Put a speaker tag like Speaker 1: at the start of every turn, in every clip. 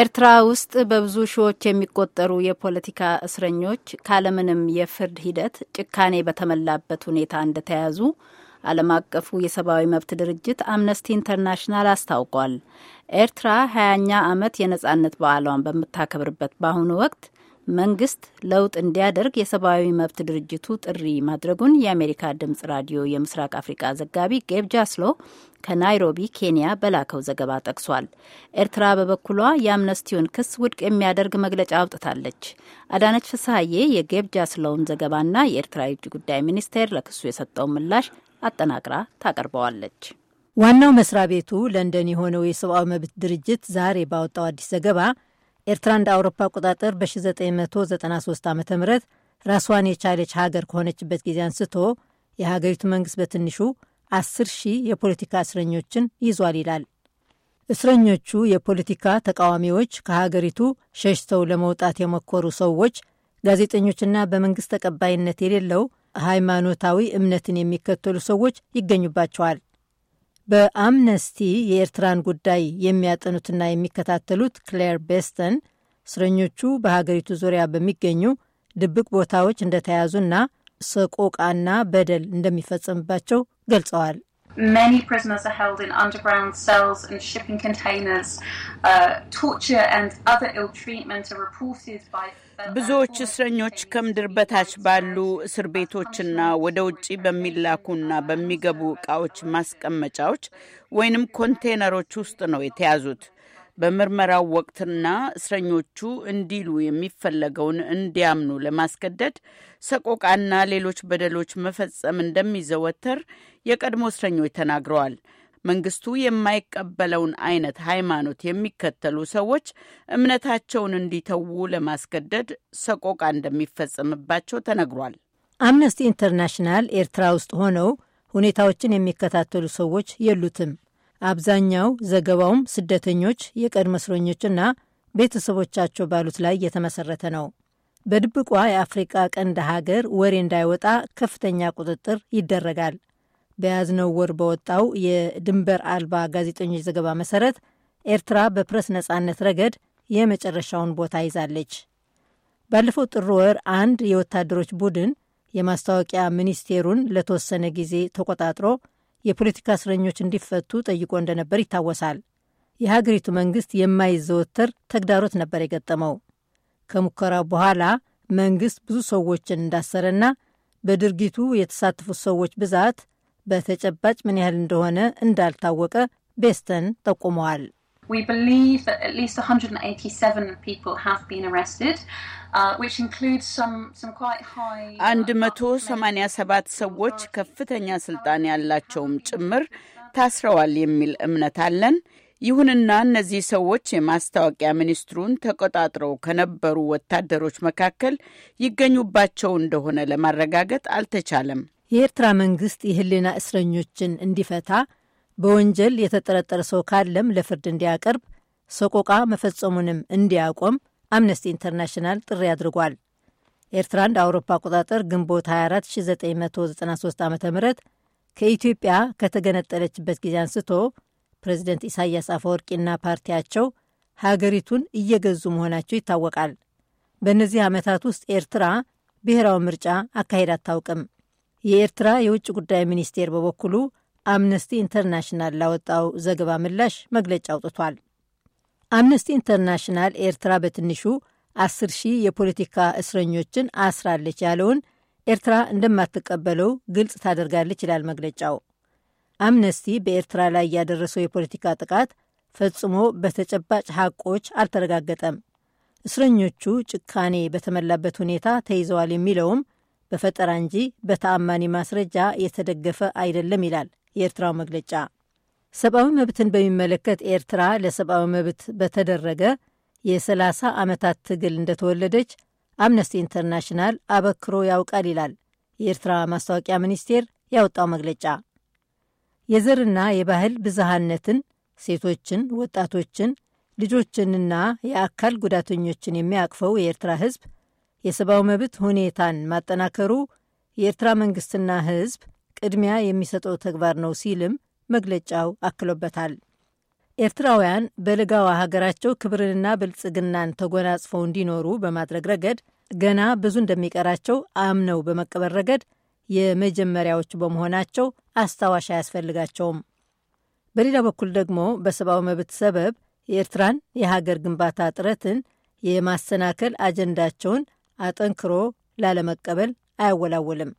Speaker 1: ኤርትራ ውስጥ በብዙ ሺዎች የሚቆጠሩ የፖለቲካ እስረኞች ካለምንም የፍርድ ሂደት ጭካኔ በተሞላበት ሁኔታ እንደተያዙ ዓለም አቀፉ የሰብአዊ መብት ድርጅት አምነስቲ ኢንተርናሽናል አስታውቋል። ኤርትራ ሀያኛ ዓመት የነጻነት በዓሏን በምታከብርበት በአሁኑ ወቅት መንግስት ለውጥ እንዲያደርግ የሰብአዊ መብት ድርጅቱ ጥሪ ማድረጉን የአሜሪካ ድምጽ ራዲዮ የምስራቅ አፍሪቃ ዘጋቢ ጌብ ጃስሎ ከናይሮቢ ኬንያ በላከው ዘገባ ጠቅሷል። ኤርትራ በበኩሏ የአምነስቲውን ክስ ውድቅ የሚያደርግ መግለጫ አውጥታለች። አዳነች ፍስሐዬ የጌብ ጃስሎውን ዘገባና የኤርትራ የውጭ ጉዳይ ሚኒስቴር ለክሱ የሰጠው ምላሽ አጠናቅራ ታቀርበዋለች።
Speaker 2: ዋናው መስሪያ ቤቱ ለንደን የሆነው የሰብአዊ መብት ድርጅት ዛሬ ባወጣው አዲስ ዘገባ ኤርትራ እንደ አውሮፓ አቆጣጠር በ1993 ዓ ም ራሷን የቻለች ሀገር ከሆነችበት ጊዜ አንስቶ የሀገሪቱ መንግሥት በትንሹ 10 ሺህ የፖለቲካ እስረኞችን ይዟል ይላል። እስረኞቹ የፖለቲካ ተቃዋሚዎች፣ ከሀገሪቱ ሸሽተው ለመውጣት የሞከሩ ሰዎች፣ ጋዜጠኞችና በመንግሥት ተቀባይነት የሌለው ሃይማኖታዊ እምነትን የሚከተሉ ሰዎች ይገኙባቸዋል። በአምነስቲ የኤርትራን ጉዳይ የሚያጠኑትና የሚከታተሉት ክሌር ቤስተን እስረኞቹ በሀገሪቱ ዙሪያ በሚገኙ ድብቅ ቦታዎች እንደተያዙና ሰቆቃና በደል እንደሚፈጸምባቸው ገልጸዋል።
Speaker 3: Many prisoners are held in underground cells and shipping containers. Uh, torture and other ill treatment are reported by ብዙዎች እስረኞች ከምድር በታች ባሉ እስር ቤቶችና ወደ ውጭ በሚላኩና በሚገቡ ማስቀመጫዎች ወይንም ኮንቴነሮች ውስጥ ነው የተያዙት። በምርመራው ወቅትና እስረኞቹ እንዲሉ የሚፈለገውን እንዲያምኑ ለማስገደድ ሰቆቃና ሌሎች በደሎች መፈጸም እንደሚዘወተር የቀድሞ እስረኞች ተናግረዋል። መንግስቱ የማይቀበለውን አይነት ሃይማኖት የሚከተሉ ሰዎች እምነታቸውን እንዲተዉ ለማስገደድ ሰቆቃ እንደሚፈጸምባቸው ተነግሯል።
Speaker 2: አምነስቲ ኢንተርናሽናል ኤርትራ ውስጥ ሆነው ሁኔታዎችን የሚከታተሉ ሰዎች የሉትም አብዛኛው ዘገባውም ስደተኞች፣ የቀድሞ እስረኞችና ቤተሰቦቻቸው ባሉት ላይ እየተመሰረተ ነው። በድብቋ የአፍሪቃ ቀንድ ሀገር ወሬ እንዳይወጣ ከፍተኛ ቁጥጥር ይደረጋል። በያዝነው ወር በወጣው የድንበር አልባ ጋዜጠኞች ዘገባ መሰረት ኤርትራ በፕረስ ነጻነት ረገድ የመጨረሻውን ቦታ ይዛለች። ባለፈው ጥር ወር አንድ የወታደሮች ቡድን የማስታወቂያ ሚኒስቴሩን ለተወሰነ ጊዜ ተቆጣጥሮ የፖለቲካ እስረኞች እንዲፈቱ ጠይቆ እንደነበር ይታወሳል። የሀገሪቱ መንግስት የማይዘወተር ተግዳሮት ነበር የገጠመው። ከሙከራው በኋላ መንግስት ብዙ ሰዎችን እንዳሰረና በድርጊቱ የተሳተፉት ሰዎች ብዛት በተጨባጭ ምን ያህል እንደሆነ እንዳልታወቀ ቤስተን ጠቁመዋል።
Speaker 3: We believe that at least 187 people have been arrested, uh, uh, አንድ መቶ includes ሰባት ሰዎች ከፍተኛ ስልጣን ያላቸውም ጭምር ታስረዋል የሚል እምነት አለን። ይሁንና እነዚህ ሰዎች የማስታወቂያ ሚኒስትሩን ተቆጣጥረው ከነበሩ ወታደሮች መካከል ይገኙባቸው እንደሆነ ለማረጋገጥ አልተቻለም።
Speaker 2: የኤርትራ መንግስት የህሊና እስረኞችን እንዲፈታ በወንጀል የተጠረጠረ ሰው ካለም ለፍርድ እንዲያቀርብ፣ ሰቆቃ መፈጸሙንም እንዲያቆም አምነስቲ ኢንተርናሽናል ጥሪ አድርጓል። ኤርትራ እንደ አውሮፓ አቆጣጠር ግንቦት 24 1993 ዓ ም ከኢትዮጵያ ከተገነጠለችበት ጊዜ አንስቶ ፕሬዚደንት ኢሳያስ አፈወርቂና ፓርቲያቸው ሀገሪቱን እየገዙ መሆናቸው ይታወቃል። በእነዚህ ዓመታት ውስጥ ኤርትራ ብሔራዊ ምርጫ አካሄድ አታውቅም። የኤርትራ የውጭ ጉዳይ ሚኒስቴር በበኩሉ አምነስቲ ኢንተርናሽናል ላወጣው ዘገባ ምላሽ መግለጫ አውጥቷል። አምነስቲ ኢንተርናሽናል ኤርትራ በትንሹ አስር ሺህ የፖለቲካ እስረኞችን አስራለች ያለውን ኤርትራ እንደማትቀበለው ግልጽ ታደርጋለች ይላል መግለጫው። አምነስቲ በኤርትራ ላይ ያደረሰው የፖለቲካ ጥቃት ፈጽሞ በተጨባጭ ሐቆች አልተረጋገጠም፣ እስረኞቹ ጭካኔ በተሞላበት ሁኔታ ተይዘዋል የሚለውም በፈጠራ እንጂ በተአማኒ ማስረጃ የተደገፈ አይደለም ይላል የኤርትራው መግለጫ ሰብአዊ መብትን በሚመለከት ኤርትራ ለሰብአዊ መብት በተደረገ የ30 ዓመታት ትግል እንደተወለደች አምነስቲ ኢንተርናሽናል አበክሮ ያውቃል ይላል የኤርትራ ማስታወቂያ ሚኒስቴር ያወጣው መግለጫ። የዘርና የባህል ብዝሃነትን፣ ሴቶችን፣ ወጣቶችን፣ ልጆችንና የአካል ጉዳተኞችን የሚያቅፈው የኤርትራ ህዝብ የሰብአዊ መብት ሁኔታን ማጠናከሩ የኤርትራ መንግስትና ህዝብ ቅድሚያ የሚሰጠው ተግባር ነው ሲልም መግለጫው አክሎበታል። ኤርትራውያን በልጋዋ ሀገራቸው ክብርንና ብልጽግናን ተጎናጽፈው እንዲኖሩ በማድረግ ረገድ ገና ብዙ እንደሚቀራቸው አምነው በመቀበል ረገድ የመጀመሪያዎቹ በመሆናቸው አስታዋሽ አያስፈልጋቸውም። በሌላ በኩል ደግሞ በሰብአዊ መብት ሰበብ የኤርትራን የሀገር ግንባታ ጥረትን የማሰናከል አጀንዳቸውን አጠንክሮ ላለመቀበል አያወላወልም።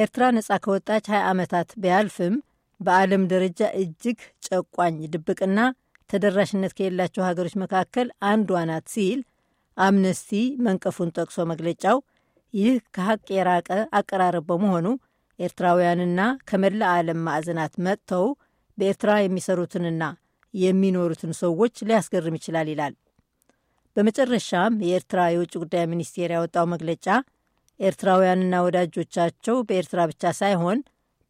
Speaker 2: ኤርትራ ነጻ ከወጣች 20 ዓመታት ቢያልፍም በዓለም ደረጃ እጅግ ጨቋኝ፣ ድብቅና ተደራሽነት ከሌላቸው ሀገሮች መካከል አንዷ ናት ሲል አምነስቲ መንቀፉን ጠቅሶ መግለጫው ይህ ከሀቅ የራቀ አቀራረብ በመሆኑ ኤርትራውያንና ከመላ ዓለም ማዕዘናት መጥተው በኤርትራ የሚሰሩትንና የሚኖሩትን ሰዎች ሊያስገርም ይችላል ይላል። በመጨረሻም የኤርትራ የውጭ ጉዳይ ሚኒስቴር ያወጣው መግለጫ ኤርትራውያንና ወዳጆቻቸው በኤርትራ ብቻ ሳይሆን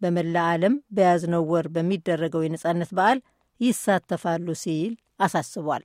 Speaker 2: በመላ ዓለም በያዝነው ወር በሚደረገው የነጻነት በዓል ይሳተፋሉ ሲል አሳስቧል።